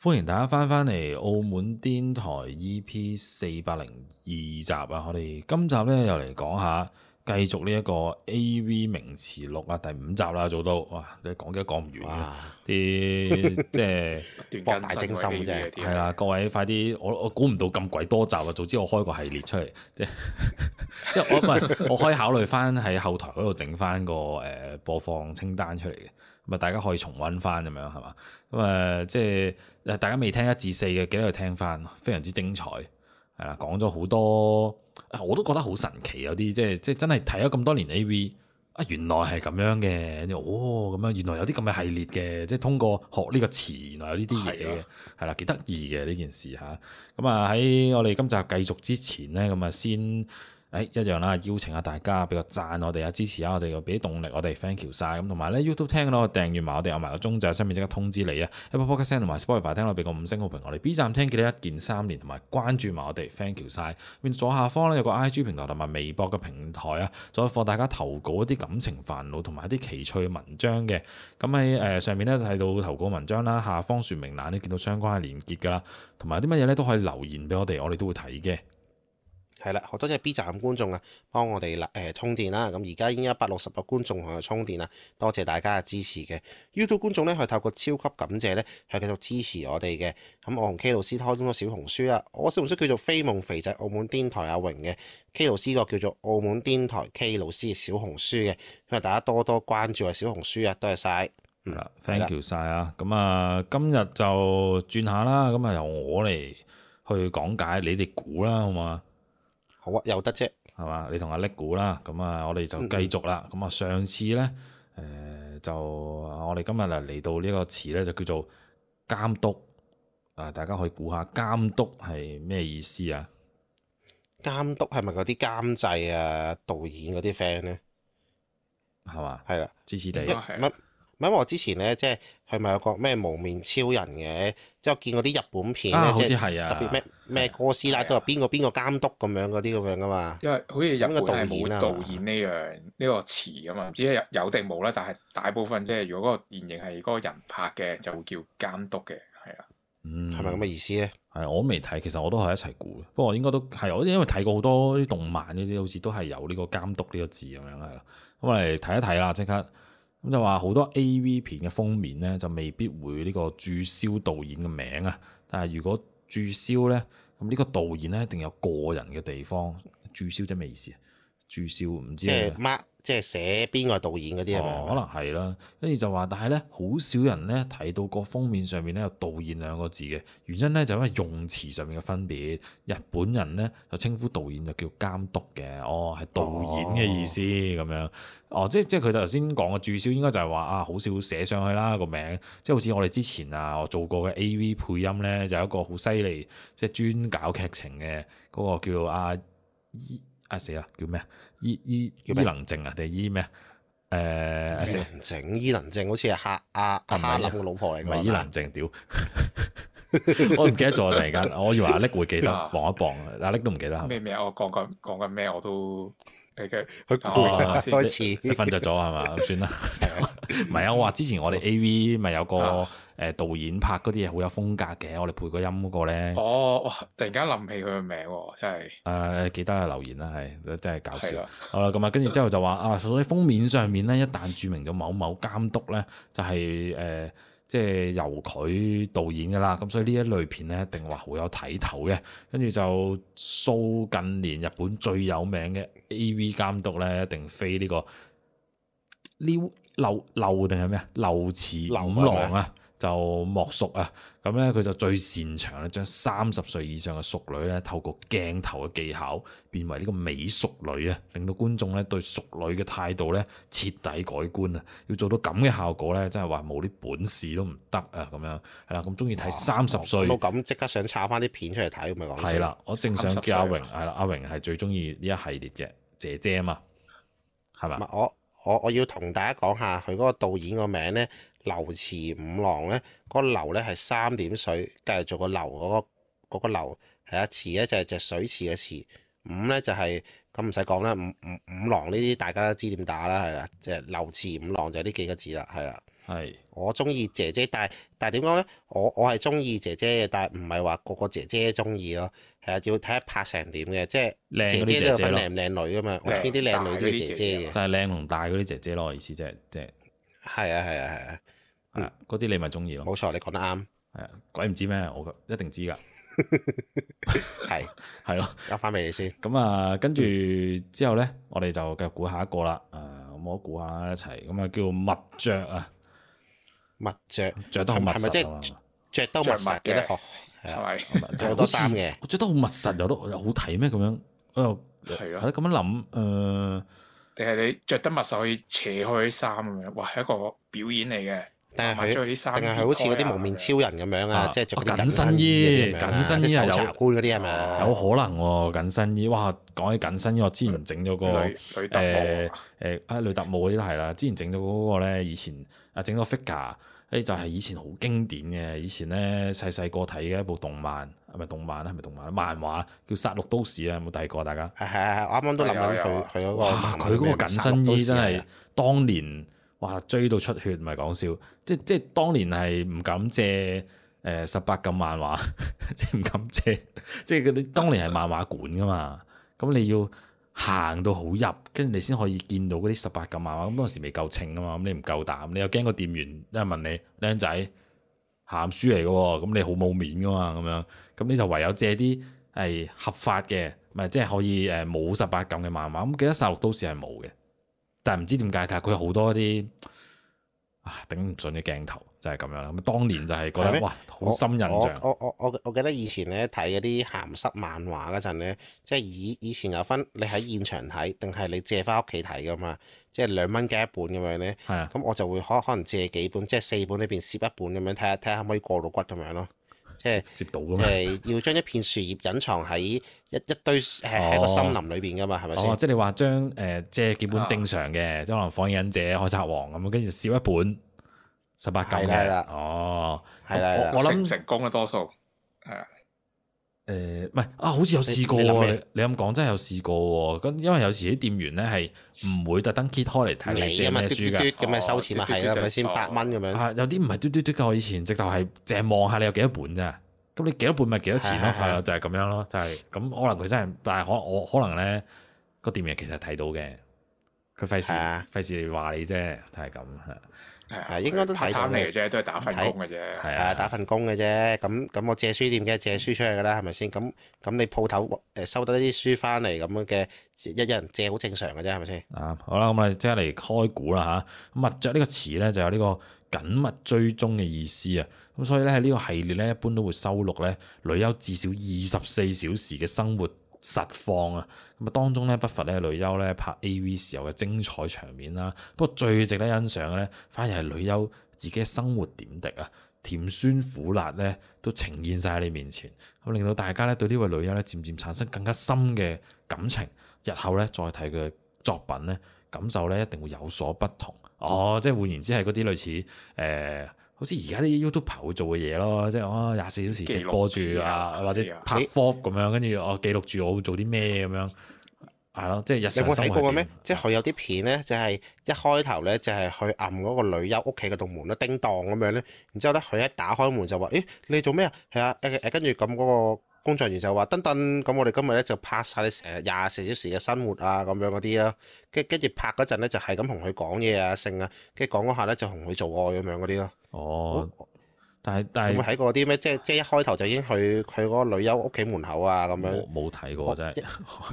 歡迎大家翻返嚟澳門癲台 EP 四百零二集啊！我哋今集呢又嚟講下。繼續呢一個 AV 名詞錄啊，第五集啦、啊，做到哇！你講都講唔完啊，啲哇即係 斷間 博大精深啫已。嘢，係啦，各位快啲！我我估唔到咁鬼多集啊，早知我開個系列出嚟，即係 即係我唔係我可以考慮翻喺後台嗰度整翻個誒播放清單出嚟嘅，咁啊大家可以重溫翻咁樣係嘛？咁啊、嗯、即係大家未聽一至四嘅，記得去聽翻，非常之精彩係啦，講咗好多。我都覺得好神奇，有啲即係即係真係睇咗咁多年 AV，啊原來係咁樣嘅，哦咁樣原來有啲咁嘅系列嘅，即係通過學呢個詞，原來有呢啲嘢，嘅，係啦，幾得意嘅呢件事吓。咁啊喺我哋今集繼續之前咧，咁啊先，誒、哎、一樣啦，邀請下大家俾個讚我哋啊，支持下我哋又俾啲動力我，我哋 Thank you 晒！咁。同埋咧 YouTube 聽咧，我訂閱埋我哋，有埋個鐘就上面即刻通知你啊。Apple Podcast 同埋 Spotify 聽咧，俾個五星好評。我哋 B 站聽，記得一鍵三連同埋關注埋我哋 Thank you 晒！左下方咧有個 IG 平台同埋微博嘅平台啊，再放大家投稿一啲感情煩惱同埋一啲奇趣文章嘅。咁喺誒上面咧睇到投稿文章啦，下方說明欄咧見到相關嘅連結噶啦，同埋啲乜嘢咧都可以留言俾我哋，我哋都會睇嘅。係啦，好多謝 B 站嘅觀眾啊，幫我哋啦誒充電啦、啊。咁而家已經一百六十個觀眾喺度充電啦，多謝大家嘅支持嘅。YouTube 觀眾咧，係透過超級感謝咧，係繼續支持我哋嘅。咁我同 K 老師開通咗小紅書啦、啊，我小紅書叫做非夢肥仔澳門癲台阿榮嘅，K 老師個叫做澳門癲台 K 老師嘅小紅書嘅，希望大家多多關注啊小紅書啊，多謝晒。嗯了了，thank you 晒啊。咁啊，今日就轉下啦，咁啊由我嚟去講解你哋估啦，好嘛？有得啫，係嘛？你同阿叻估啦，咁啊、嗯呃，我哋就繼續啦。咁啊，上次咧，誒，就我哋今日嚟到個詞呢個詞咧，就叫做監督啊、呃！大家可以估下監督係咩意思啊？監督係咪嗰啲監製啊、導演嗰啲 friend 咧？係嘛吧？係啦的，黐黐地。啊因為我之前咧，即係係咪有個咩無面超人嘅，即係我見過啲日本片咧，啊好似係啊、即係特別咩咩哥斯拉都話邊個邊個監督個名嗰啲咁樣噶嘛。因為好似日本係冇導演呢樣呢、啊、個詞噶嘛，唔知有有定冇啦，但係大部分即、就、係、是、如果嗰個電影係嗰個人拍嘅，就會叫監督嘅，係啊。嗯，係咪咁嘅意思咧？係，我未睇，其實我都係一齊估。不過應該都係我因為睇過好多啲動漫呢啲，好似都係有呢個監督呢個字咁樣係啦。咁我嚟睇一睇啦，即刻。咁就話好多 A.V 片嘅封面咧，就未必會呢個註銷導演嘅名啊。但係如果註銷咧，咁呢個導演咧，一定有個人嘅地方註銷，即係咩意思啊？註銷唔知誒即係寫邊個導演嗰啲，哦、可能係啦，跟住就話，但係咧，好少人咧睇到個封面上面咧有導演兩個字嘅原因咧，就因為用詞上面嘅分別。日本人咧就稱呼導演就叫監督嘅，哦，係導演嘅意思咁樣，哦。哦，即係即係佢頭先講嘅注銷，應該就係話啊，好少寫上去啦，個名。即係好似我哋之前啊，我做過嘅 A V 配音咧，就有一個好犀利，即係專搞劇情嘅嗰個叫做啊。啊死啦！叫咩啊？伊伊伊能靜啊，定係伊咩啊？誒麼，伊能靜，伊能靜好似係哈阿哈林嘅老婆嚟嘅，伊能靜屌！我唔記得咗 突然間，我以為阿叻會記得，望 一望，阿叻都唔記得。咩咩麼？我講緊講緊咩？我都。係佢好攰啊，開始瞓著咗係嘛？咁算啦，唔係啊！我話之前我哋 A V 咪有個誒導演拍嗰啲嘢好有風格嘅，我哋配個音嗰個咧。哦哇，突然間諗起佢嘅名喎，真係誒、呃、記得嘅留言啦，係真係搞笑。的好啦，咁啊，跟住之後就話 啊，所以封面上面咧，一旦註明咗某某監督咧，就係、是、誒。呃即係由佢導演嘅啦，咁所以呢一類片咧，一定話好有睇頭嘅。跟住就數近年日本最有名嘅 AV 監督咧，一定非呢個溜溜定係咩啊？溜池五郎啊！就莫屬啊！咁咧，佢就最擅長咧，將三十歲以上嘅熟女咧，透過鏡頭嘅技巧，變為呢個美熟女啊，令到觀眾咧對熟女嘅態度咧徹底改觀啊！要做到咁嘅效果咧，真係話冇啲本事都唔得啊！咁樣係啦，咁中意睇三十歲，睇咁即刻想插翻啲片出嚟睇，咪講係啦！我正想叫阿榮，係啦，阿榮係最中意呢一系列嘅姐姐啊嘛，係咪？我我我要同大家講下佢嗰個導演個名咧。流池五郎咧，個流咧係三點水，繼續個流嗰個流係啊，池咧就係隻水池嘅池，五咧就係咁唔使講啦，五五五郎呢啲大家都知點打啦，係啦，即係流池五郎就係呢幾個字啦，係啊，係。我中意姐姐，但係但係點講咧？我我係中意姐姐嘅，但係唔係話個個姐姐中意咯，係啊，要睇下拍成點嘅，即係姐姐都要分靚唔靚女㗎嘛，我中意啲靚女啲姐姐嘅，就係靚同大嗰啲姐姐咯，意思即係即係。係啊係啊係啊！嗰啲、 啊、你咪中意咯，冇錯，你講得啱。係啊、嗯，鬼唔知咩，我一定知噶。係係咯，呃翻俾你先。咁啊， 跟住之後咧，我哋就繼續估下一個啦。誒、啊，我估下一齊。咁啊，叫、嗯嗯、是是就是密着啊，密着着得好密實，係咪即着得密密嘅咧？係好多衫嘅，着得好密實，有都好睇咩？咁 的樣啊，係、呃、咯，咁樣諗誒，定係你着得密實可以扯開衫咁樣？哇，係一個表演嚟嘅。定係佢著啲衫，定係佢好似嗰啲無面超人咁樣啊！即係着啲緊身衣，啊、緊身衣啊！守察官嗰啲係咪？嗯、有可能喎、啊，緊身衣！哇，講起緊身衣，我之前整咗個誒誒、嗯、啊，女、欸、特務嗰啲都係啦。之前整咗嗰個咧、欸就係，以前啊，整咗 figure，誒就係以前好經典嘅。以前咧細細個睇嘅一部動漫，係咪動漫啊？係咪動漫？漫畫叫殺戮都市，有有啊！有冇睇過？大家，係係係，我啱啱都諗緊佢。係啊，佢嗰、啊、個緊身衣真係當年。哇！追到出血唔係講笑，即即係當年係唔敢借誒、呃、十八禁漫畫， 即係唔敢借，即係啲當年係漫畫館噶嘛，咁你要行到好入，跟住你先可以見到嗰啲十八禁漫畫。咁當時未夠稱噶嘛，咁、嗯、你唔夠膽，你又驚個店員一問你，僆仔鹹書嚟嘅喎，咁你好冇面噶嘛，咁樣，咁你就唯有借啲係、呃、合法嘅，唔係即係可以誒冇、呃、十八禁嘅漫畫。咁記得細路都時係冇嘅。但係唔知點解，但係佢有好多啲啊頂唔順嘅鏡頭就係、是、咁樣啦。咁當年就係覺得嗎哇，好深印象。我我我我記得以前咧睇嗰啲鹹濕漫畫嗰陣咧，即係以以前有分你喺現場睇定係你借翻屋企睇噶嘛，即係兩蚊雞一本咁樣咧。係啊。咁我就會可可能借幾本，即係四本裏邊攝一本咁樣睇下睇下可唔可以過到骨咁樣咯。即係接，接到㗎嘛？即 要將一片樹葉隱藏喺一一堆誒喺個森林裏邊㗎嘛，係咪先？哦，即係你話將誒、呃、即係幾本正常嘅，啊、即可能《火影忍者》《海賊王》咁，跟住少一本十八禁嘅，的哦我，我諗成，成功嘅多數係啊。誒唔係啊，好似有試過喎。你咁講真係有試過喎。咁因為有時啲店員咧係唔會特登揭開嚟睇你借咩書嘅，咁樣收錢嘛，係咪先？八蚊咁樣。有啲唔係嘟嘟嘟嘅，我以前直頭係淨係望下你有幾多本啫。咁你幾多本咪幾多錢咯，係啊，就係咁樣咯，就係咁，可能佢真係，但係可我可能咧個店員其實睇到嘅，佢費事，費事你話你啫，就係咁係。係，係、啊，應該都睇到嘅啫，都係打份工嘅啫，係啊，打份工嘅啫。咁咁，我借書店嘅借書出去噶啦，係咪先？咁咁，你鋪頭誒收得啲書翻嚟咁樣嘅，一人借好正常嘅啫，係咪先？啊，好啦，咁我哋即刻嚟開估啦嚇。咁啊，着呢個詞咧就有呢個緊密追蹤嘅意思啊。咁所以咧喺呢個系列咧，一般都會收錄咧女優至少二十四小時嘅生活。實況啊，咁啊當中咧不乏咧女優咧拍 AV 時候嘅精彩場面啦。不過最值得欣賞嘅咧，反而係女優自己嘅生活點滴啊，甜酸苦辣咧都呈現晒喺你面前，咁令到大家咧對呢位女優咧漸漸產生更加深嘅感情。日後咧再睇佢嘅作品咧，感受咧一定會有所不同。哦，即係換言之係嗰啲類似誒。呃好似而家啲 YouTuber 會做嘅嘢咯，即係我廿四小時直播住啊，或者拍啲科咁樣，跟住我記錄住我會做啲咩咁樣，係咯，即係日常。你有冇睇過嘅咩？即係佢有啲片咧，就係、是、一開頭咧，就係去暗嗰個女優屋企嘅度門咯，叮當咁樣咧，然之後咧佢一打開門就話：，誒、欸、你做咩啊？係、欸、啊，誒、欸、誒，跟住咁嗰個。工作員就話：等等，咁我哋今日咧就拍晒你成廿四小時嘅生活啊，咁樣嗰啲咯。跟跟住拍嗰陣咧，就係咁同佢講嘢啊，性啊，跟住講嗰下咧就同佢做愛咁樣嗰啲咯。哦，哦但係但係有冇睇過啲咩？是即係即係一開頭就已經去佢嗰個女友屋企門口啊，咁樣。冇冇睇過我真係。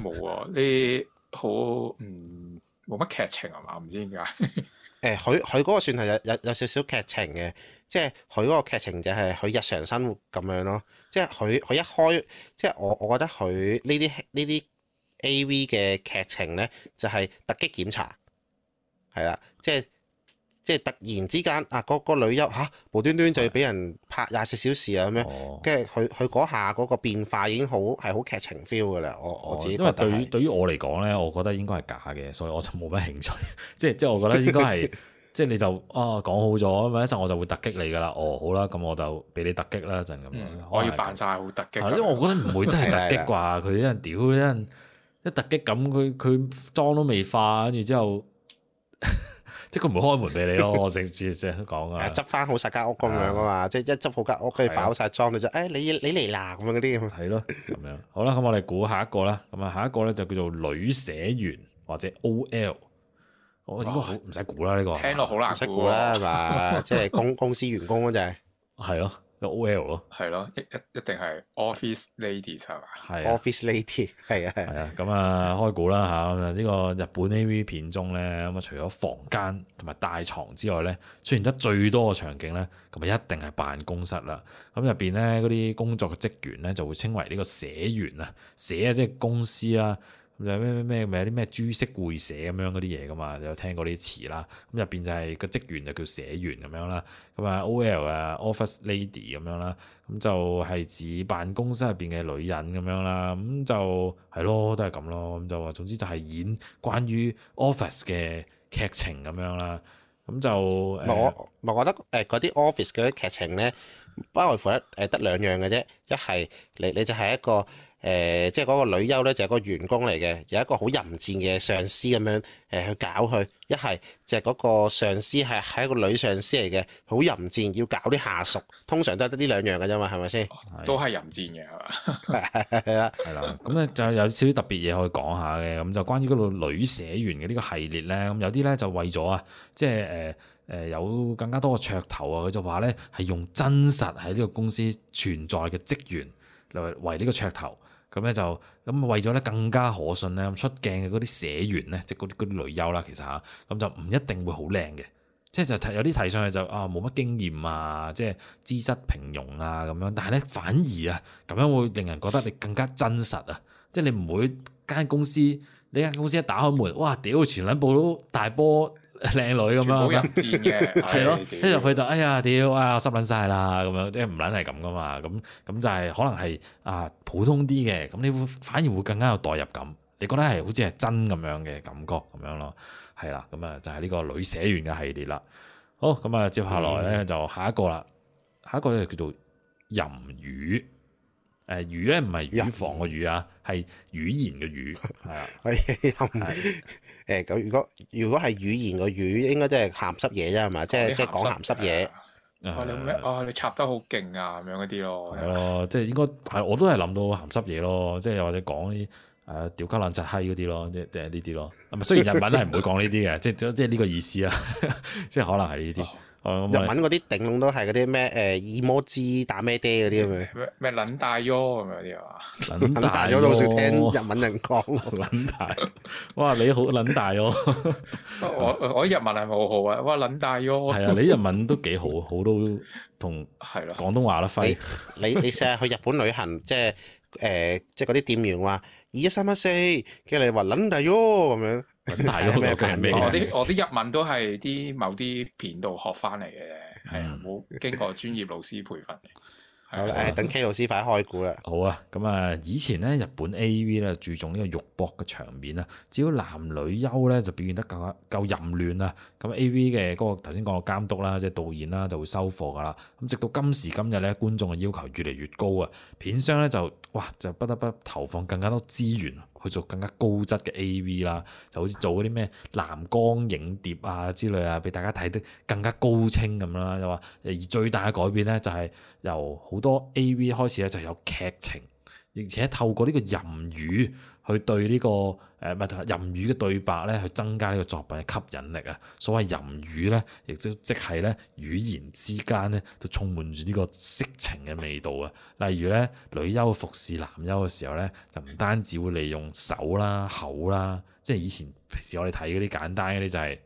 冇啊， 你好，好唔冇乜劇情啊嘛？唔知點解。誒，佢佢嗰個算係有有有，有少少劇情嘅。即係佢嗰個劇情就係佢日常生活咁樣咯，即係佢佢一開，即係我我覺得佢呢啲呢啲 AV 嘅劇情呢，就係突擊檢查，係啦，即係即係突然之間啊，個女優嚇、啊、無端端就要俾人拍廿四小時啊咁樣，跟住佢佢嗰下嗰個變化已經好係好劇情 feel 噶啦，我我自己覺得、哦。因為對於，對於我嚟講呢，我覺得應該係假嘅，所以我就冇乜興趣，即係即係我覺得應該係。 即係你就啊講好咗，咁一陣我就會突擊你㗎啦。哦，好啦，咁我就俾你突擊啦，一陣咁樣、嗯、樣。我要扮晒好突擊。因為我覺得唔會真係突擊啩，佢 對一人屌，啲人一突擊咁，佢佢妝都未化，跟住之後， 即係佢唔會開門俾你咯。我直接講啊，執翻好曬間屋咁樣啊嘛，即係一執好間屋，跟住化好曬妝，的就你就誒你你嚟啦咁樣嗰啲咁。係 咯， 咁樣好啦，咁、嗯、我哋估下一個啦。咁啊，下一個咧就叫做女社員或者 OL。我應該唔使估啦，呢個哇聽落好難估啦，係嘛？即係公公司員工啊，就係係咯，OL 咯，係咯、啊，一一一定係 office lady 係嘛？係、啊、office lady，係啊，係啊，咁啊，啊，開估啦吓，咁、嗯、啊，呢、這個日本 AV 片中咧，咁、嗯、啊，除咗房間同埋大床之外咧，出現得最多嘅場景咧，咁啊，一定係辦公室啦。咁入邊咧嗰啲工作嘅職員咧，就會稱為呢個社員啊，社啊，即係公司啦。就咩咩咩，咪有啲咩株式會社咁樣嗰啲嘢噶嘛？你有聽過啲詞啦，咁入邊就係、是、個職員就叫社員咁樣啦，咁啊 OL 啊 Office Lady 咁樣啦，咁就係指辦公室入邊嘅女人咁樣啦，咁就係咯，都係咁咯，咁就話總之就係演關於 Office 嘅劇情咁樣啦，咁就我咪、欸、覺得誒嗰、呃、啲 Office 嗰啲劇情咧，不外乎得誒得兩樣嘅啫，一係你你就係一個。誒、呃，即係嗰個女優咧，就係個員工嚟嘅，有一個好淫賤嘅上司咁樣，誒、呃、去搞佢。一係，就係嗰個上司係係一個女上司嚟嘅，好淫賤，要搞啲下屬。通常都係得呢兩樣㗎啫嘛，係咪先？都係淫賤嘅，係嘛？係啦，係啦。咁咧就有少少特別嘢可以講下嘅，咁就關於嗰個女社員嘅呢個系列咧，咁有啲咧就為咗啊，即係誒誒有更加多個噱頭啊，佢就話咧係用真實喺呢個公司存在嘅職員嚟為呢個噱頭。咁咧就咁為咗咧更加可信咧，出鏡嘅嗰啲社員咧，即係嗰啲啲女優啦，其實嚇，咁就唔一定會好靚嘅，即係就睇有啲睇上去就啊冇乜經驗啊，驗即係資質平庸啊咁樣，但係咧反而啊咁樣會令人覺得你更加真實啊，即係你唔會間公司呢間公司一打開門，哇屌全撚部都大波。靚女咁樣嘅，係咯，一入去就， 哎呀，屌，哇、哎，濕卵晒啦，咁樣，即係唔卵係咁噶嘛，咁咁就係可能係啊普通啲嘅，咁你會反而會更加有代入感，你覺得係好似係真咁樣嘅感覺咁樣咯，係啦，咁啊就係、是、呢個女寫員嘅系列啦，好，咁啊接下來咧、嗯、就下一個啦，下一個咧叫做淫語。誒、呃、語咧唔係語防個人語，語啊，係 是 語言嘅語係啊。誒咁如果如果係語言嘅語，應該即係鹹濕嘢啫係嘛？即係即係講鹹濕嘢。色色你咩啊，你插得好勁啊，咁樣嗰啲咯。係吧吧咯，即係應該係我都係諗到鹹濕嘢咯。即係又或者講啲誒屌鳩撚柒閪嗰啲咯，即係呢啲咯。咁咪雖然日文係唔會講呢啲嘅， 即係即係呢個意思啊，即係可能係呢啲。日文嗰啲頂籠都係嗰啲咩誒二魔之打咩爹嗰啲咁樣，咩咩撚大咗咁樣嗰啲係嘛？撚大咗都好少聽日文人講咯，撚大。哇，你好撚大喎！我我日文係冇好啊，哇撚大咗。係啊，你日文都幾好，好多同係咯，廣東話都飛。你你成日去日本旅行，即係誒，即係嗰啲店員話二一三一四，跟住你話撚大咗咁樣。搵大咗咩？ 我啲我啲日文都係啲某啲片度學翻嚟嘅。係啊，冇經過專業老師培訓嘅。係誒，等 K 老師快開估啦。好啊，咁、嗯、啊，以前咧日本 AV 咧注重呢個肉搏嘅場面啊，只要男女優咧就表現得夠夠淫亂啊，咁 AV 嘅嗰、那個頭先講嘅監督啦，即、就、係、是、導演啦就會收貨噶啦。咁直到今時今日咧，觀眾嘅要求越嚟越高啊，片商咧就哇就不得不得投放更加多資源。去做更加高質嘅 AV 啦，就好似做嗰啲咩藍光影碟啊，之類啊，俾大家睇得更加高清咁啦。又話，而最大嘅改變咧，就係由好多 AV 開始咧，就有劇情，而且透過呢個淫語。去對呢個誒唔係淫語嘅對白咧，去增加呢個作品嘅吸引力啊！所謂淫語咧，亦都即係咧語言之間咧都充滿住呢個色情嘅味道啊！例如咧，女優服侍男優嘅時候咧，就唔單止會利用手啦、口啦，即係以前平時我哋睇嗰啲簡單嗰啲就係。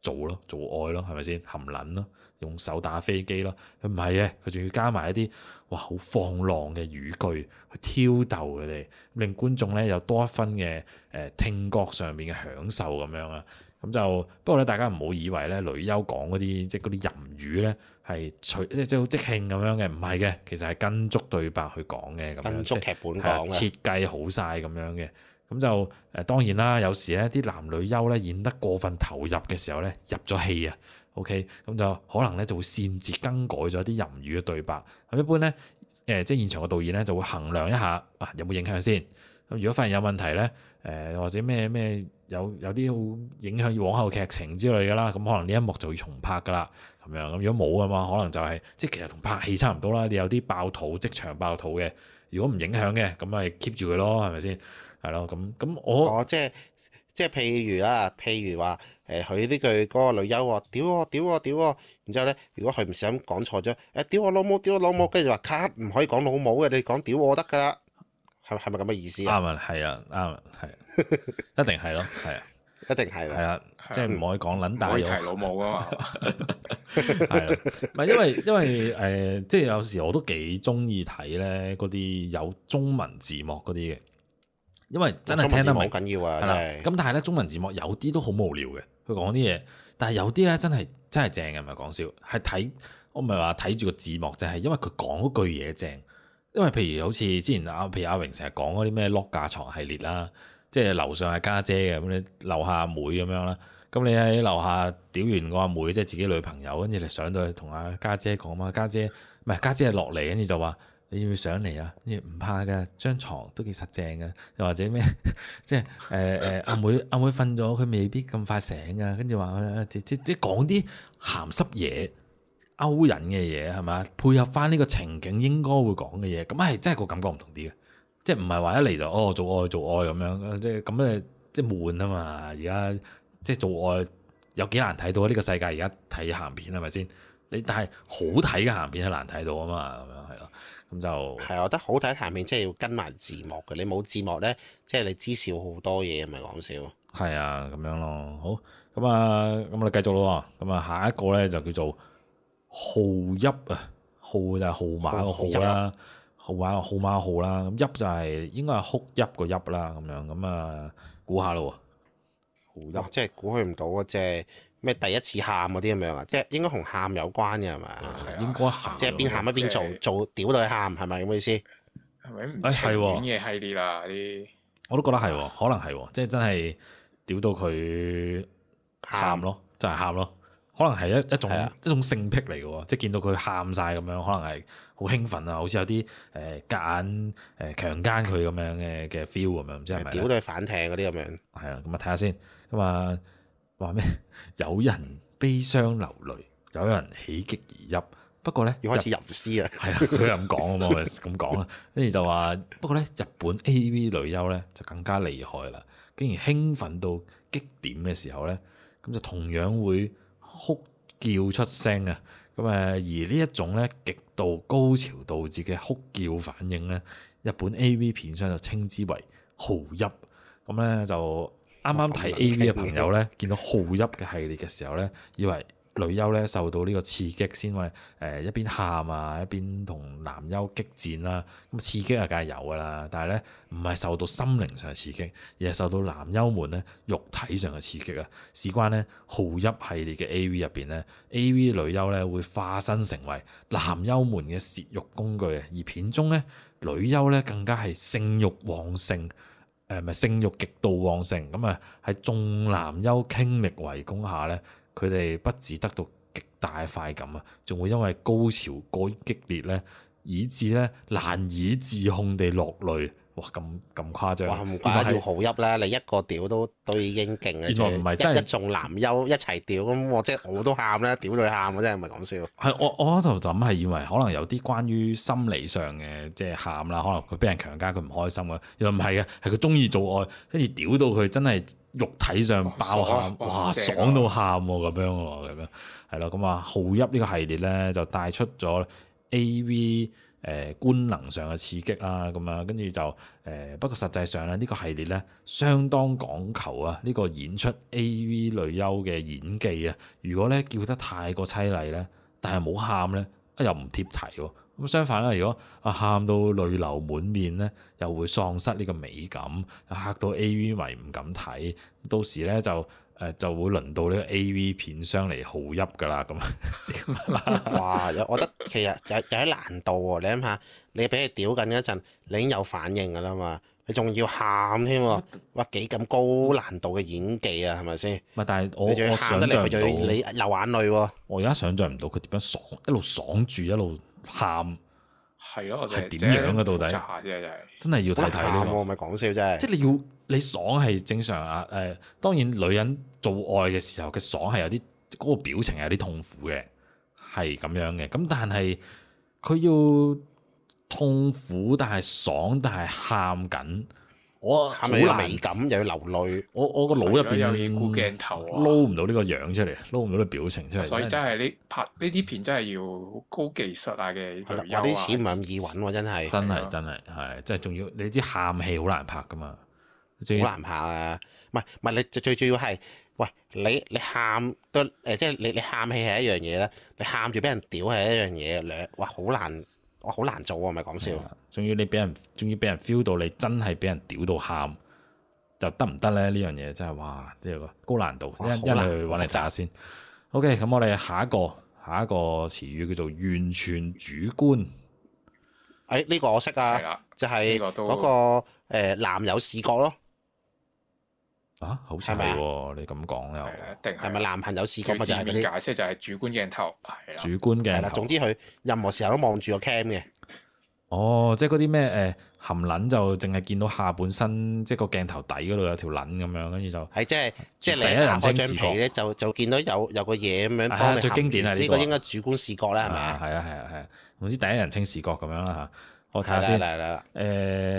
做咯，做愛咯，係咪先含撚咯，用手打飛機咯，佢唔係嘅，佢仲要加埋一啲哇好放浪嘅語句去挑逗佢哋，令觀眾咧有多一分嘅誒、呃、聽覺上面嘅享受咁樣啊。咁就不過咧，大家唔好以為咧女優講嗰啲即係嗰啲淫語咧係隨即即好即興咁樣嘅，唔係嘅，其實係跟足對白去講嘅，跟足劇本講嘅，設計好晒咁樣嘅。咁就誒、呃、當然啦，有時咧啲男女優咧演得過分投入嘅時候咧，入咗戲啊，OK，咁就可能咧就會擅自更改咗啲淫語嘅對白。咁一般咧誒、呃，即係現場嘅導演咧就會衡量一下啊，有冇影響先。咁如果發現有問題咧，誒、呃、或者咩咩有有啲好影響要往後劇情之類嘅啦，咁可能呢一幕就會重拍噶啦，咁樣。咁如果冇嘅話，可能就係、是、即係其實同拍戲差唔多啦。你有啲爆肚即場爆肚嘅，如果唔影響嘅，咁咪 keep 住佢咯，係咪先？係咯，咁咁我哦，即係即係，譬如啦，譬如話誒，佢呢句嗰、嗰個女優話屌我屌我屌我，我，然之後咧，如果佢唔想講錯咗，誒屌我老母屌我是是、嗯嗯嗯、老母，跟住話咔，唔可以講老母嘅，你講屌我得噶啦，係係咪咁嘅意思？啱啊，係啊，啱啊，係，一定係咯，係啊，一定係，係啊，即係唔可以講撚大，我齊老母啊嘛，係咪？唔係因為因為誒，即係有時我都幾中意睇咧嗰啲有中文字幕嗰啲嘅。因為真係聽得明，好緊要啊！咁 但係咧，中文字幕有啲都好無聊嘅，佢講啲嘢。但係有啲咧真係真係正嘅，唔係講笑。係睇我唔係話睇住個字幕，就係因為佢講嗰句嘢正。因為譬如好似之前阿，譬如阿榮成日講嗰啲咩碌架床系列啦，即係樓上係家姐嘅，咁你，下妹妹你樓下阿妹咁樣啦。咁你喺樓下屌完個阿妹，即、就、係、是、自己女朋友，跟住你上到去同阿家姐講啊，家姐唔係家姐係落嚟，跟住就話。你要唔要上嚟啊？唔怕㗎，張床都幾實正嘅，又或者咩？即係誒誒，阿妹阿妹瞓咗，佢未必咁快醒啊。跟住話，即即即，即講啲鹹濕嘢、勾引嘅嘢係咪？配合翻呢個情景應該會講嘅嘢，咁係真係個感覺唔同啲嘅。即係唔係話一嚟就哦做愛做愛咁樣，即係咁誒，即係悶啊嘛！而家即係做愛有幾難睇到啊？呢、呢個世界而家睇鹹片係咪先？你但係好睇嘅鹹片係難睇到啊嘛，咁樣係咯，咁就係我覺得好睇鹹片即係要跟埋字幕嘅，你冇字幕咧，即、就、係、是、你知少好多嘢，唔係講笑啊。係啊，咁樣咯，好咁啊，咁我哋繼續咯。咁啊下一個咧就叫做號泣啊，號就係號碼個號啦，號碼號碼號啦，咁泣就係、是、應該係哭泣個泣啦，咁樣咁啊估下咯喎，號泣、哦、即係估佢唔到啊，即係。咩第一次喊嗰啲咁樣啊？即係應該同喊有關嘅係咪啊？係應該喊，即係邊喊一邊做、就係、做屌到佢喊係咪咁嘅意思？係咪情演嘢系列啦啲？我都覺得係，可能係，即係真係屌到佢喊咯，真係喊咯。可能係一一種、啊、一種性癖嚟嘅喎，即係見到佢喊晒咁樣，可能係好興奮啊，好似有啲誒夾硬誒強姦佢咁樣嘅嘅 feel 咁樣，唔知係咪屌到佢反艇嗰啲咁樣？係、嗯、啊，咁啊睇下先咁啊。嗯話咩？有人悲傷流淚，有人喜極而泣。不過呢，要開始吟詩啊！係啦， 佢咁講啊嘛，咁講啦。跟住 就話，不過呢，日本 A.V. 女優呢就更加厲害啦，竟然興奮到極點嘅時候呢，咁就同樣會哭叫出聲啊！咁誒，而呢一種呢極度高潮導致嘅哭叫反應呢，日本 A.V. 片商就稱之為豪泣。咁呢就。啱啱睇 AV 嘅朋友咧，見到號泣嘅系列嘅時候咧，以為女優咧受到呢個刺激先，因、呃、為一邊喊啊，一邊同男優激戰啦、啊，咁刺激啊梗係有噶啦，但係咧唔係受到心靈上嘅刺激，而係受到男優們咧肉體上嘅刺激啊！事關咧號泣系列嘅 AV 入邊咧，AV 女優咧會化身成為男優們嘅泄欲工具啊，而片中咧女優咧更加係性慾旺盛。誒，咪性欲極度旺盛，咁啊喺眾男優傾力圍攻下咧，佢哋不止得到極大快感啊，仲會因為高潮過於激烈咧，以致咧難以自控地落淚。哇！咁咁誇張，哇！唔怪得要豪泣咧，你一個屌都都已經勁嘅，原來唔係真係一眾男優一齊屌咁，我即係我都喊啦，屌女喊嘅真係唔係講笑。係我我喺度諗係以為可能有啲關於心理上嘅即係喊啦，可能佢俾人強姦佢唔開心嘅，又唔係嘅，係佢中意做愛，跟住屌到佢真係肉體上爆喊、啊，哇，哇爽到喊喎咁樣喎咁樣、樣、樣，係咯咁啊豪泣呢個系列咧就帶出咗 AV。誒官、呃、能上嘅刺激啦，咁啊，跟住就誒、呃，不過實際上咧，呢個系列咧相當講求啊，呢、呢個演出 AV 女優嘅演技啊，如果咧叫得太過凄厲咧，但係冇喊咧，啊又唔貼題喎、啊，咁相反啦，如果啊喊到淚流滿面咧，又會喪失呢個美感，嚇到 AV 迷唔敢睇，到時咧就。誒就會輪到呢個 AV 片商嚟號泣噶啦咁。哇！我覺得其實有有啲難度喎，你諗下，你俾佢屌緊一陣，你已經有反應噶啦嘛，你仲要喊添喎，哇，幾咁高難度嘅演技啊，係咪先？咪但係我想象唔到你流眼淚喎。我而家想象唔到佢點樣爽，一路爽住一路喊，係咯，係點樣啊？到底真係要睇睇喎，我唔係講笑啫。即係你要。你爽係正常啊！誒、呃，當然女人做愛嘅時候嘅爽係有啲嗰、嗰個表情係有啲痛苦嘅，係咁樣嘅。咁但係佢要痛苦，但係爽，但係喊緊，我好難感又要流淚。我我腦面個腦入邊有要顧鏡頭，啊撈，撈唔到呢個樣出嚟，撈唔到呢個表情出嚟。所以真係你、啊、拍呢啲片真係要高技術啊嘅，有啲錢唔易揾喎，真係、啊、真係真係係，即係仲要你知喊戲好難拍噶嘛。好難怕啊！唔係唔係，你最主要係，喂，你你喊都，誒，即係你你喊氣係一樣嘢啦，你喊住俾人屌係一樣嘢，你，哇好難，我好難做啊！唔係講笑。仲要你俾人，終於俾人 feel 到你真係俾人屌到喊，就得唔得咧？呢樣嘢真係哇，呢個高難度，一一去搵你詐先。OK，咁我哋下一個下一個詞語叫做完全主觀。誒，呢個我識啊，就係嗰個誒男友視角咯。啊，好犀利喎！你咁講又，一定係咪男朋友視覺？或者係佢解釋就係主觀鏡頭，係啦，主觀鏡頭。總之佢任何時候都望住個 cam 嘅。哦，即係嗰啲咩誒含撚就淨係見到下半身，即係個鏡頭底嗰度有條撚咁樣，跟住就係即係即係第一人稱視覺咧，就就見到有有個嘢咁樣最經典係。呢個應該主觀視覺啦，係咪啊？係啊係啊係，總之第一人稱視覺咁樣啦嚇。我睇下先。係啦，係啦，誒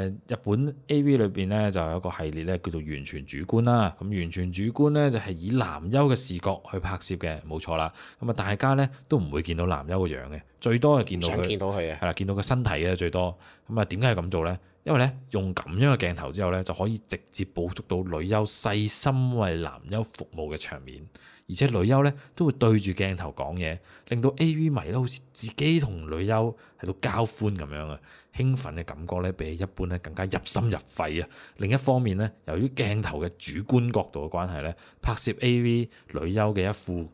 日本 AV 裏邊咧就有一個系列咧，叫做完全主觀啦。咁完全主觀咧就係以男優嘅視角去拍攝嘅，冇錯啦。咁啊，大家咧都唔會見到男優嘅樣嘅，最多係見到佢，見到佢啊，係啦，見到個身體嘅最多。咁啊，點解係咁做咧？因為咧用咁樣嘅鏡頭之後咧就可以直接捕捉到女優細心為男優服務嘅場面。而且女優咧都會對住鏡頭講嘢，令到 AV 迷咧好似自己同女優喺度交歡咁樣啊，興奮嘅感覺咧比一般咧更加入心入肺啊！另一方面咧，由於鏡頭嘅主觀角度嘅關係咧，拍攝 AV 女優嘅一副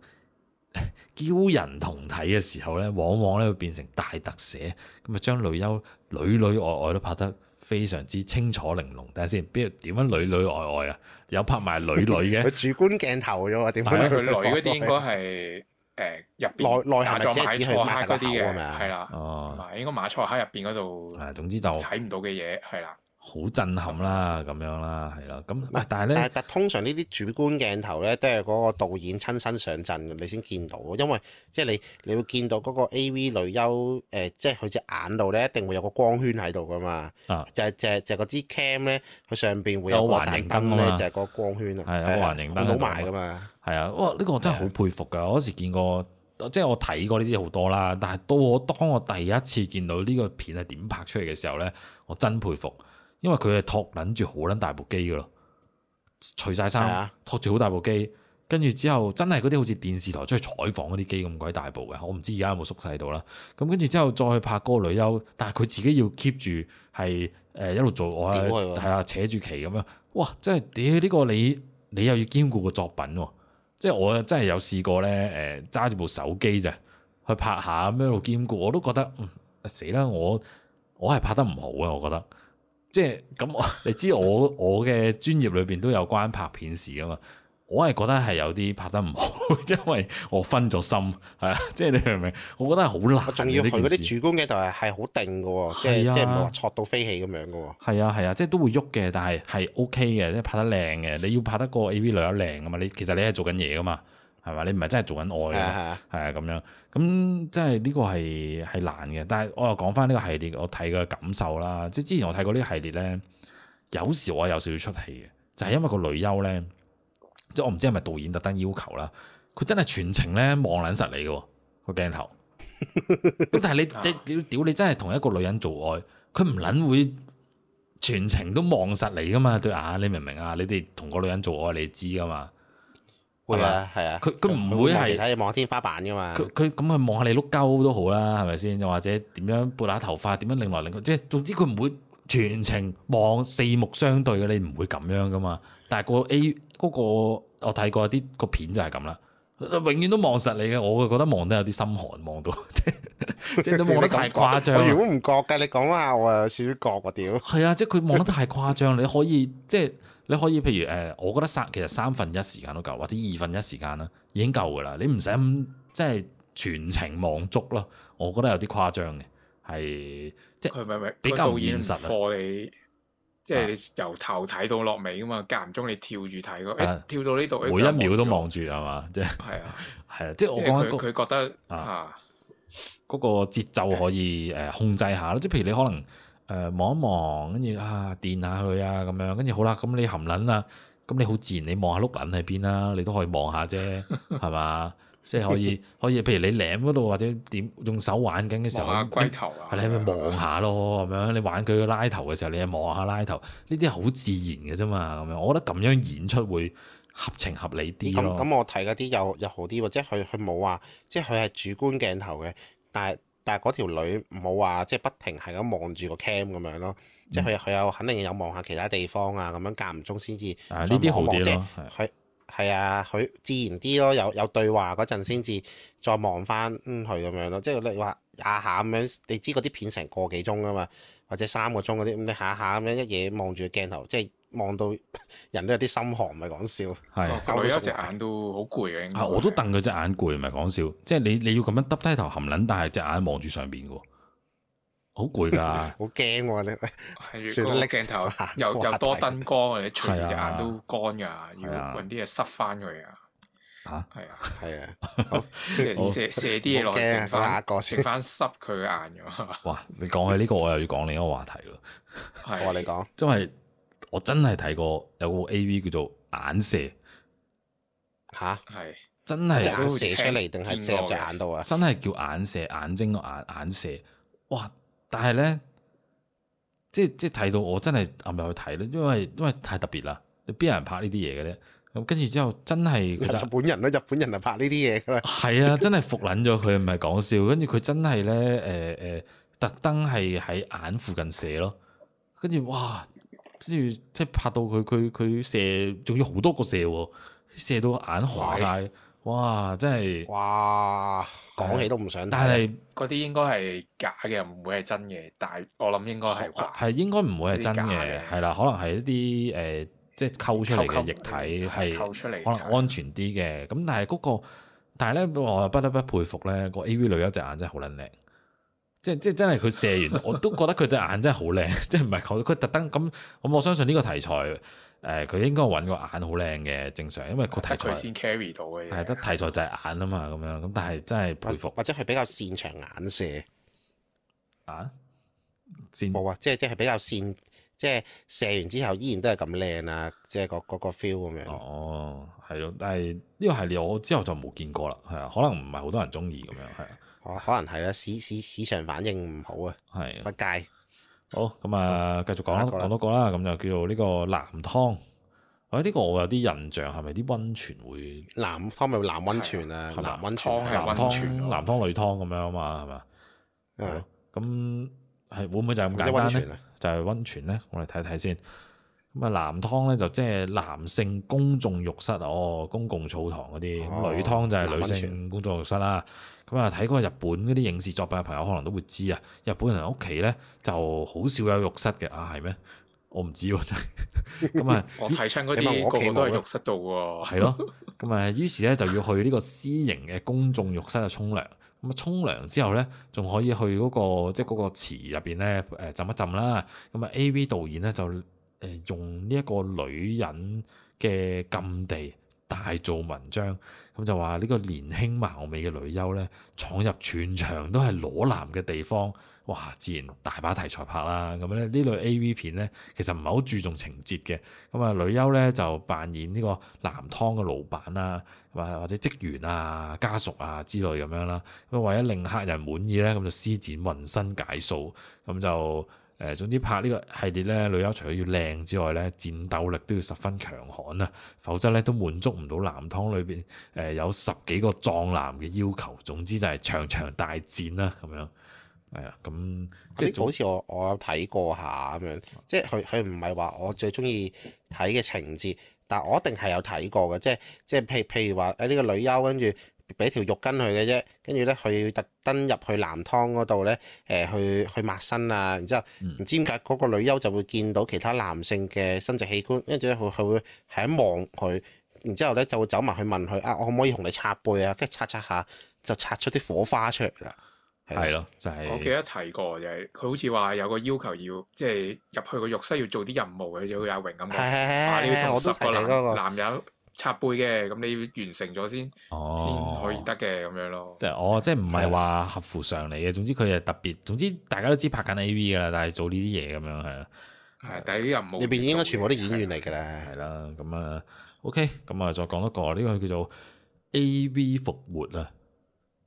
嬌 人同體嘅時候咧，往往咧會變成大特寫，咁啊將女優裡裡外外都拍得非常之清楚玲瓏，等下先，比如點樣女女外外啊？有拍埋女女嘅，佢 主觀鏡頭咗喎，點樣女女？佢女嗰啲應該係誒入邊內內含嘅錯刻嗰啲嘅，係啦，哦，嗱應該馬賽克入邊嗰度，係總之就睇唔到嘅嘢，係啦。好震撼啦，咁樣啦，係啦，咁，但係咧，但通常呢啲主觀鏡頭咧，都係嗰個導演親身上陣，你先見到，因為即係你，你會見到嗰個 AV 女優誒、呃，即係佢隻眼度咧，一定會有個光圈喺度噶嘛，啊、就係、係、就係、係、嗰支 cam 咧，佢上邊會有，有，環有環形燈啊就係個光圈啊，係一個環形燈，攞埋噶嘛，係啊，哇！呢、呢個真係好佩服㗎，我嗰時見過，即、就、係、係、我睇過呢啲好多啦，但係到我當我第一次見到呢個片係點拍出嚟嘅時候咧，我真佩服。因為佢係托捻住好捻大部機噶咯，除晒衫，的托住好大部機，跟住之後真係嗰啲好似電視台出去採訪嗰啲機咁鬼大部嘅，我唔知而家有冇縮細到啦。咁跟住之後再去拍嗰個女優，但係佢自己要 keep 住係誒一路做我係、哎、啊扯住旗咁樣，哇！真係屌呢個你你又要兼顧個作品，即係我真係有試過咧誒揸住部手機啫去拍下咁一路兼顧，我都覺得死啦、嗯！我我係拍得唔好啊，我覺得。即係咁，我你知我我嘅專業裏邊都有關拍片事噶嘛，我係覺得係有啲拍得唔好，因為我分咗心，係啊，即係你明唔明？我覺得係好難。仲要佢嗰啲主觀鏡頭就係係好定嘅，即係的即係冇話挫到飛起咁樣嘅。係啊係啊，即係都會喐嘅，但係係 OK 嘅，即係拍得靚嘅。你要拍得個 AV 女優靚啊嘛，你其實你係做緊嘢噶嘛。係咪？你唔係真係做緊愛呀，係啊咁、啊、樣。咁即係呢個係係難嘅。但係我又講翻呢個系列，我睇嘅感受啦。即係之前我睇過呢個系列咧，有時我有少少出戲嘅，就係、是、因為個女優咧，即係我唔知係咪導演特登要求啦。佢真係全程咧望捻實你嘅個鏡頭。 但係你你屌屌你真係同一個女人做愛，佢唔捻會全程都望實你噶嘛？對啊，你明唔明啊？你哋同個女人做愛，你知噶嘛？係啊，係啊，佢佢唔會係睇望天花板噶嘛。佢佢咁佢望下你碌鳩都好啦，係咪先？又或者點樣撥下頭髮，點樣擰來擰去，即係總之佢唔會全程望四目相對嘅，你唔會咁樣噶嘛。但係個 A 嗰、嗰個、我睇過啲、嗰個片就係咁啦。永遠都望實你嘅，我會覺得望得有啲心寒，望到 即係即係都望得太誇張。 如果唔覺嘅，你講下我有少少覺喎，屌！係啊，即係佢望得太誇張。你可以即係你可以，譬如誒、呃，我覺得三其實三分一時間都夠，或者二分一時間啦，已經夠噶啦。你唔使咁即係全程望足咯。我覺得有啲誇張嘅，係即係比較現實啊。即係你由頭睇到落尾㗎嘛，間唔中你跳住睇，誒跳到呢度，每一秒都望住係嘛？即係係啊，係 啊， 啊即係我佢佢覺得啊，嗰、啊、個節奏可以誒控制下咯，即係譬如你可能誒望、呃、一望，跟住啊電下去啊咁樣，跟住好啦，咁你含撚啊，咁你好自然你望下碌撚喺邊啦，你都可以望下啫，係嘛？ 即係可以，可以譬如你舐嗰度或者點用手玩緊嘅時候，望下龜頭啊。你係咪望下咯咁樣？你玩佢嘅拉頭嘅時候，你係望下拉頭。呢啲好自然嘅啫嘛。咁樣，我覺得咁樣演出會合情合理啲咯。咁咁、哎，我睇嗰啲又又好啲，或者佢佢冇話，即係佢係主觀鏡頭嘅，但係但係嗰條女唔好話，即係不停係咁望住個 cam 咁樣咯。即係佢佢有肯定有望下其他地方啊，咁樣間唔中先至。呢啲好啲咯，係。對係啊，佢自然啲咯，有有對話嗰陣先至再望翻佢咁樣咯。即係你話下下咁樣，你知嗰啲片成個幾鐘啊嘛，或者三個鐘嗰啲咁，你下下咁樣一嘢望住個鏡頭，即係望到人都有啲心寒，唔係講笑。係、啊，我有一隻眼都好攰啊。我都瞪佢隻眼攰，唔係講笑。即係你你要咁樣耷低頭含撚，但係隻眼望住上邊嘅。啊、 好攰噶，好驚喎！你係住個鏡頭，又又多燈光，你隨住隻眼都乾噶，要揾啲嘢濕翻佢啊！吓？係啊係啊，射射啲嘢落嚟，剩翻，剩翻濕佢眼咁啊！哇！你講起呢個，我又要講另一個話題咯。係我你講， 因為我真係睇過有個 A. V. 叫做眼射吓？係、啊、真係射出嚟定係射隻眼度 啊？真係叫眼射眼睛個眼眼射哇！ 啊 但係咧，即即睇到我真係暗入去睇咧，因為因為太特別啦，邊有人拍呢啲嘢嘅咧？咁跟住之後真係日本人咯，日本人係拍呢啲嘢嘅。係啊，真係服捻咗佢唔係講笑，跟住佢真係咧誒誒，特登係喺眼附近射咯，跟住哇，跟住即拍到佢佢佢射，仲要好多個射，射到眼紅晒。哇！真係哇，講起都唔想。但係嗰啲應該係假嘅，唔會係真嘅。但係我諗應該係係應該唔會係真嘅，係啦，可能係一啲誒、呃，即係溝出嚟嘅液體係，可能安全啲嘅。咁的但係嗰、嗰個，但係咧，我又不得不佩服咧，嗰個 A.V. 女優隻眼真係好靚，即係即係真係佢射完， 我都覺得佢隻眼真係好靚，即係唔係佢特登咁咁。我相信呢個題材。誒佢、欸、應該揾個眼好靚嘅正常，因為佢題材先 carry 到嘅，係得題材就係眼啊嘛咁樣。咁但係真係佩服，或者佢比較擅長眼射啊？善冇啊，即係即係比較擅即係射完之後依然都係咁靚啊！即、就、係、是那個嗰、那個 feel 咁樣。哦，係咯，但係呢個系列我之後就冇見過啦，係啊，可能唔係好多人中意咁樣，係啊。可能係啊，市市市場反應唔好啊，係的不介。好，咁啊，繼續講啦，講多個啦，咁就叫做呢個南湯。誒、哎，呢、呢個我有啲印象，係咪啲温泉會南方咪南温泉啊？南湯南湯，南方女湯咁樣啊嘛，係咪啊？咁係會唔會就係咁簡單咧？就係温泉咧？我哋睇睇先。咁啊男湯咧就即係男性公眾浴室哦，公共澡堂嗰啲。啊、女湯就係女性公眾浴室啦。咁啊睇過日本嗰啲影視作品嘅朋友可能都會知啊，日本人屋企咧就好少有浴室嘅啊，係咩？我唔知喎，真係。咁啊，睇親嗰啲個個都係浴室度喎。係 咯，咁啊於是咧就要去呢個私營嘅公眾浴室度沖涼。咁啊沖涼之後咧，仲可以去嗰、嗰個即係嗰個池入邊咧誒浸一浸啦。咁啊 A V 導演咧就～用呢一個女人嘅禁地大做文章，咁就話呢個年輕貌美嘅女優咧，闖入全場都係裸男嘅地方，哇！自然大把題材拍啦。咁咧呢類 AV 片咧，其實唔係好注重情節嘅。咁啊，女優咧就扮演呢個男湯嘅老闆啊，或或者職員啊、家屬啊之類咁樣啦。咁為咗令客人滿意咧，咁就施展渾身解數，咁就。誒，總之拍呢個系列咧，女優除咗要靚之外咧，戰鬥力都要十分強悍啊，否則咧都滿足唔到男湯裏邊誒、呃、有十幾個壯男嘅要求。總之就係場場大戰啦，咁樣係啊，咁、嗯、即係好似我我有睇過下咁樣，即係佢佢唔係話我最中意睇嘅情節，但係我一定係有睇過嘅，即係即係譬譬如話誒呢個女優跟住。俾條浴巾佢嘅啫，跟住咧佢特登入去男湯嗰度咧，誒、呃、去去抹身啊，然之後唔知點解嗰個女優就會見到其他男性嘅生殖器官，跟住咧佢佢會係一望佢，然之後咧就會走埋去問佢啊，我可唔可以同你擦背啊？跟住擦擦下就擦出啲火花出嚟啦，係咯，就係、係。我記得提過就係佢好似話有個要求要即係、就係、入去個浴室要做啲任務嘅，就阿榮咁、哎啊，你要同十個男、那個、男，男友。插背嘅，咁你要完成咗先，先可以得嘅咁樣咯。哦，即係唔係話合乎常理嘅，總之佢係特別，總之大家都知拍緊 A.V. 噶啦，但係做呢啲嘢咁樣係啦。係，但係呢啲又冇。入邊應該全部都演員嚟噶啦。係啦，咁啊，OK，咁啊，再講多一個，呢個叫做 A.V. 復活啊。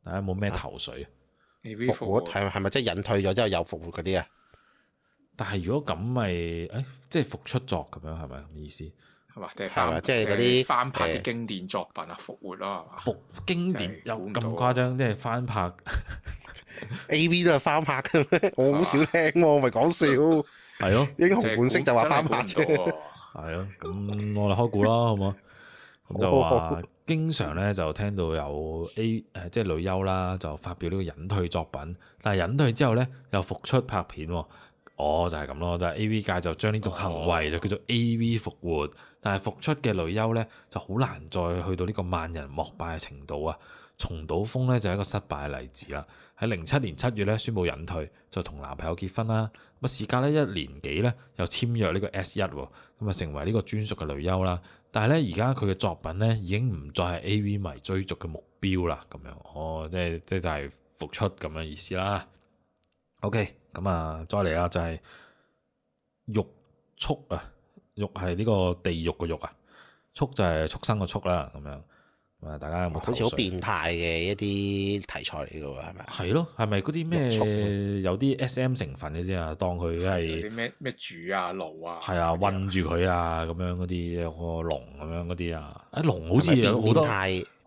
大家冇咩頭緒啊。A.V. 復活係係咪即係隱退咗之後又復活嗰啲啊？但係如果咁咪，誒，即係復出作咁樣係咪咁意思？係嘛？即係嗰啲翻拍啲經典作品啊，復活咯，係嘛、啊？復經典又咁誇張，即係翻拍 A V 都係翻拍嘅咩？我好少聽我，咪講笑係咯。英雄本色就話翻拍啫，係咯。咁、啊 啊、我哋開估啦，好唔好啊？咁就話、oh. 經常咧就聽到有 A 誒，即係女優啦，就發表呢個隱退作品，但係隱退之後咧又復出，出拍片。哦，就係咁咯，就係、是、A.V 界就將呢種行為就叫做 A.V 復活，但係復出嘅女優呢，就好難再去到呢個萬人膜拜嘅程度啊。松島楓呢，就係、是、一個失敗嘅例子啦。喺零七年七月呢，宣布引退，就同男朋友結婚啦。咁啊時隔呢一年幾呢，又簽約呢個 S 一喎、呃，咁啊成為呢個專屬嘅女優啦。但係呢，而家佢嘅作品呢，已經唔再係 A.V 迷追逐嘅目標啦。咁樣，哦，即係即係就係、是就是、復出咁嘅意思啦。OK。咁、嗯、啊，再嚟啊，就係獄畜啊，獄係呢個地獄嘅獄啊，畜就係畜生嘅畜啦，咁樣。大家有冇睇、哦、好似好變態嘅一啲題材嚟嘅喎？係咪？係咯，係咪嗰啲咩？有啲 S.M 成分嘅啫。啊，當佢係咩咩主啊、奴啊，係啊，困住佢啊，咁樣嗰啲、嗰個龍咁樣嗰啲啊，啲、欸、龍好似好多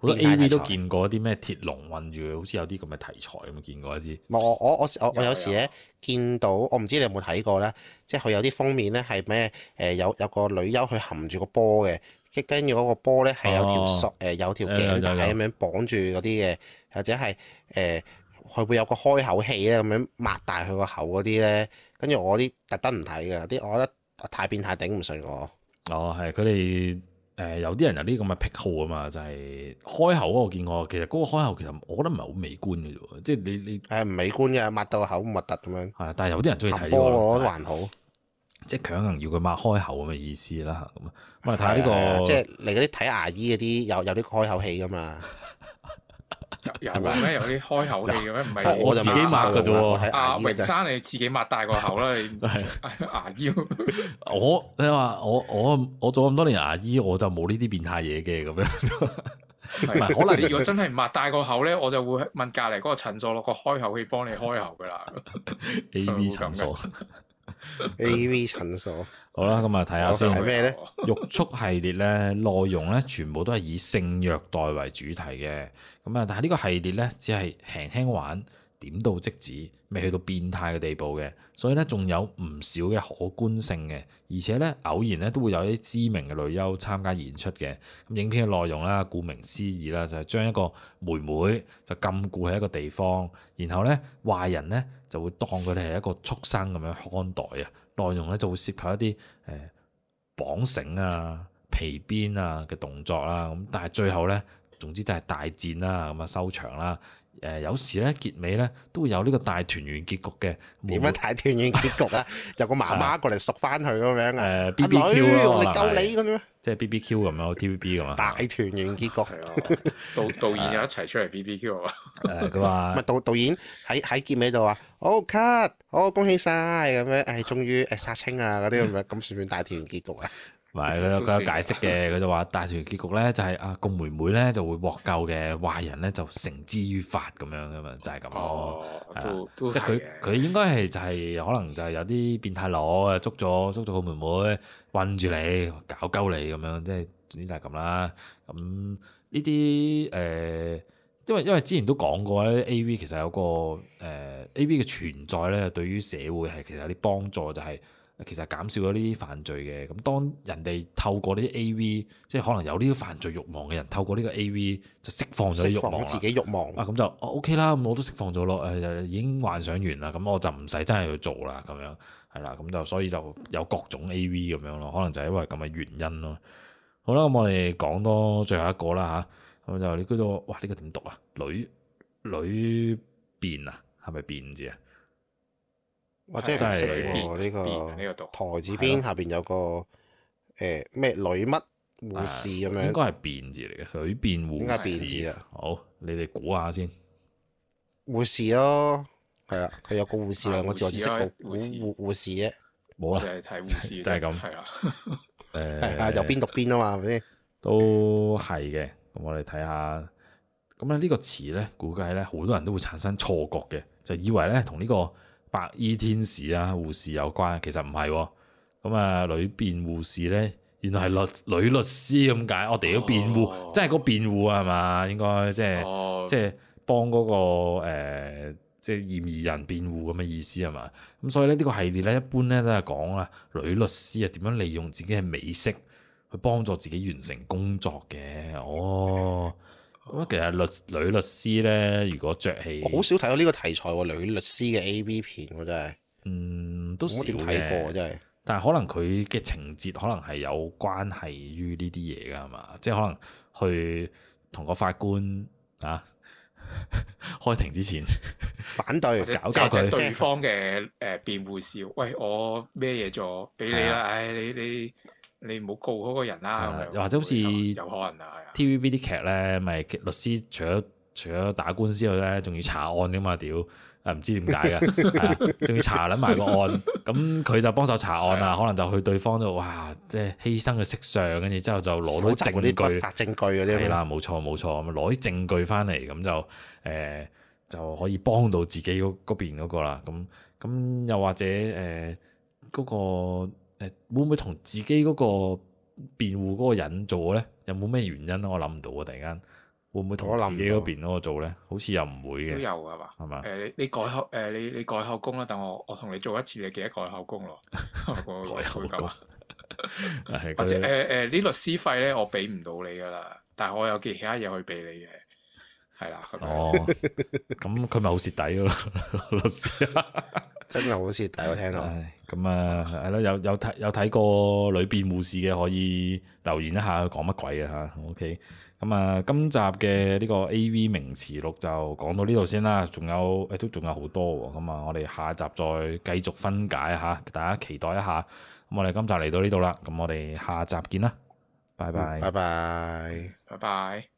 好多 AV 都見過啲咩鐵籠困住，好似有啲咁嘅題材咁，見過一啲。唔，我我我我有時咧見到，我唔知你有冇睇過咧，即係佢有啲封面咧係咩？誒有有個女優去含住個波嘅。即跟住嗰個波咧係有條索誒、啊呃、有條頸帶咁樣綁住嗰啲嘅，嗯嗯嗯、或者係誒佢會有個開口器咧咁樣擘大佢個口嗰啲咧。跟住我啲特登唔睇嘅，啲我覺得太變態，頂唔順我。哦，係佢哋誒有啲人有啲咁嘅癖好啊嘛，就係、是、開口我個見過。其實嗰個開口其實我覺得唔係好美觀嘅啫，即、就、係、是、你你誒唔美觀嘅，擘到口核突咁樣。係啊，但係有啲人中意睇波我覺得還好。 即係強行要佢擘開口咁嘅意思啦，咁咪睇下呢個，即係嚟,嗰啲睇牙醫嗰啲有有啲開口器噶嘛？有咩有啲開口器嘅咩？唔係我就自己擘嘅啫喎。阿榮生你自己擘大個口啦，你牙醫我你話我我我做咁多年牙醫，我就冇呢啲變態嘢嘅咁樣。唔係可能如果真係擘大個口咧，我就會問隔籬嗰個診所落個開口器幫你開口噶啦。A. B. 診所。A.V. 診所，A, B, 好啦，咁啊睇下先，咩咧？玉速系列咧，內容咧全部都係以性虐待為主題嘅，咁啊，但係呢個系列咧只係輕輕玩。點到即止，未去到變態嘅地步嘅，所以咧仲有唔少嘅可觀性嘅，而且咧偶然咧都會有一啲知名嘅女優參加演出嘅。咁影片嘅內容啦，顧名思義啦，就係、是、將一個妹妹就禁錮喺一個地方，然後咧壞人咧就會當佢哋係一個畜生咁樣看待啊。內容咧就會涉及一啲誒綁繩啊、皮鞭啊嘅動作啦。咁但係最後咧，總之都係大戰啦、啊，咁啊收場啦、啊。誒，有時咧結尾咧都會有呢個大團圓結局嘅。點樣大團圓結局咧？有個媽媽過嚟贖翻佢咁樣誒，BBQ 我哋救你咁樣，即係 BBQ 咁樣 TVB 咁嘛？大團圓結局係導導演又一齊出嚟 BBQ 啊嘛？誒，佢話咪導導演喺喺結尾度啊，好 cut，好恭喜晒咁樣，誒，終於誒殺青啊！嗰啲咁樣，咁算唔算大團圓結局啊？唔係佢佢有解釋嘅，佢就話，大團圓結局咧就係啊個妹妹咧就會獲救嘅，壞人咧就繩之於法咁樣噶嘛，就係咁咯。即係佢佢應該係就係、是、可能就係有啲變態佬啊捉咗捉咗個妹妹韞住你，搞鳩你咁、就是、樣，即係總之就係咁啦。咁呢啲誒，因為因為之前都講過咧，A V 其實有個誒、呃、A V 嘅存在咧，對於社會係其實有啲幫助、就是，就係。其實減少咗呢啲犯罪嘅，咁當人哋透過呢啲 A.V.，即係可能有呢啲犯罪欲望嘅人，透過呢個 A.V. 就釋放咗啲欲望自己欲望。啊，咁就、啊、O.K. 啦，咁我都釋放咗咯，誒、呃，已經幻想完啦，咁我就唔使真係去做啦，咁樣係啦，咁就所以就有各種 A.V. 咁樣咯，可能就係因為咁嘅原因咯。好啦，咁、嗯、我哋講多最後一個啦吓，咁、啊、就你、這、嗰個，哇，呢、這個點讀啊？女女變啊，係咪變字啊？或者唔識喎，呢個台字邊，下邊有個誒，咩女乜護士咁樣？應該係變字嚟嘅，女辯護士啊！好，你哋估下先。護士咯，係啊，佢有個護士啊，我只係識個護護護士啫，冇啦，就係睇護士，就係咁，係啊，誒，有邊讀邊啊嘛，係咪先？都係嘅，咁我哋睇下，咁咧呢個詞咧，估計咧好多人都會產生錯覺嘅，就以為咧同呢個。白衣天使啊，護士有關，其實唔係喎。咁啊，女辯護士咧，原來係律女律師咁解。我哋要辯護，哦、真係個辯護啊，係嘛？應該、即係哦、即係即係幫嗰、嗰個即係、呃即係、嫌疑人辯護咁嘅意思係嘛？咁所以咧呢、呢個系列咧，一般咧都係講啊，女律師啊點樣利用自己嘅美色去幫助自己完成工作嘅哦。咁其實律女律師咧，如果着戲，好少睇到呢個題材喎，女律師嘅 A B 片，真係，嗯，都少睇過，真係。但係可能佢嘅情節可能係有關係於呢啲嘢噶，係嘛？即係可能去同個法官啊 開庭之前反對， 者搞搞佢，即、就是、對方嘅誒辯護士，就是、喂，我咩嘢做？俾你啦？唉的、哎，你你。你你唔好告嗰個人啦、啊，又的或者好似有可能啊 TVB 啲劇咧，咪律師除咗了除咗打官司之外咧，仲 要查案噶、啊、嘛？屌， 唔知點解嘅，仲要查撚埋個案，咁佢 就幫手查案啦、啊，的可能就去對方度，哇，即、就、係、是、犧牲嘅色相，跟住之後就攞到證據，係啦，冇錯冇錯，咁攞啲證據翻嚟，咁就誒、呃、就可以幫到自己嗰嗰邊嗰個啦。咁咁又或者誒嗰、那個。那個那個那個誒會唔會同自己嗰個辯護嗰個人做咧？有冇咩原因咧？我諗唔到啊！突然間會唔會同自己嗰邊嗰個做咧？好似又唔會嘅。都有㗎嘛？係嘛吧？誒、呃、你改口誒你你改口供啦！等、呃、我我同你做一次你記得改口供咯？台背咁啊！ 或者誒誒啲律師費咧，我俾唔到你㗎啦，但係我有其他嘢可以俾你嘅。係啦，哦，咁佢咪好蝕底咯，律 師， 真係好蝕底，我聽到。咁啊、哎，係、嗯、咯，有有睇有睇過裏邊護士嘅可以留言一下，講乜鬼啊吓？OK，咁啊、嗯，今集嘅呢個 A V 名詞錄就講到呢度先啦，仲有誒都仲有好多，咁啊，我哋下集再繼續分解吓，大家期待一下。咁我哋今集嚟到呢度啦，咁我哋下集見啦，拜拜，拜拜，拜拜。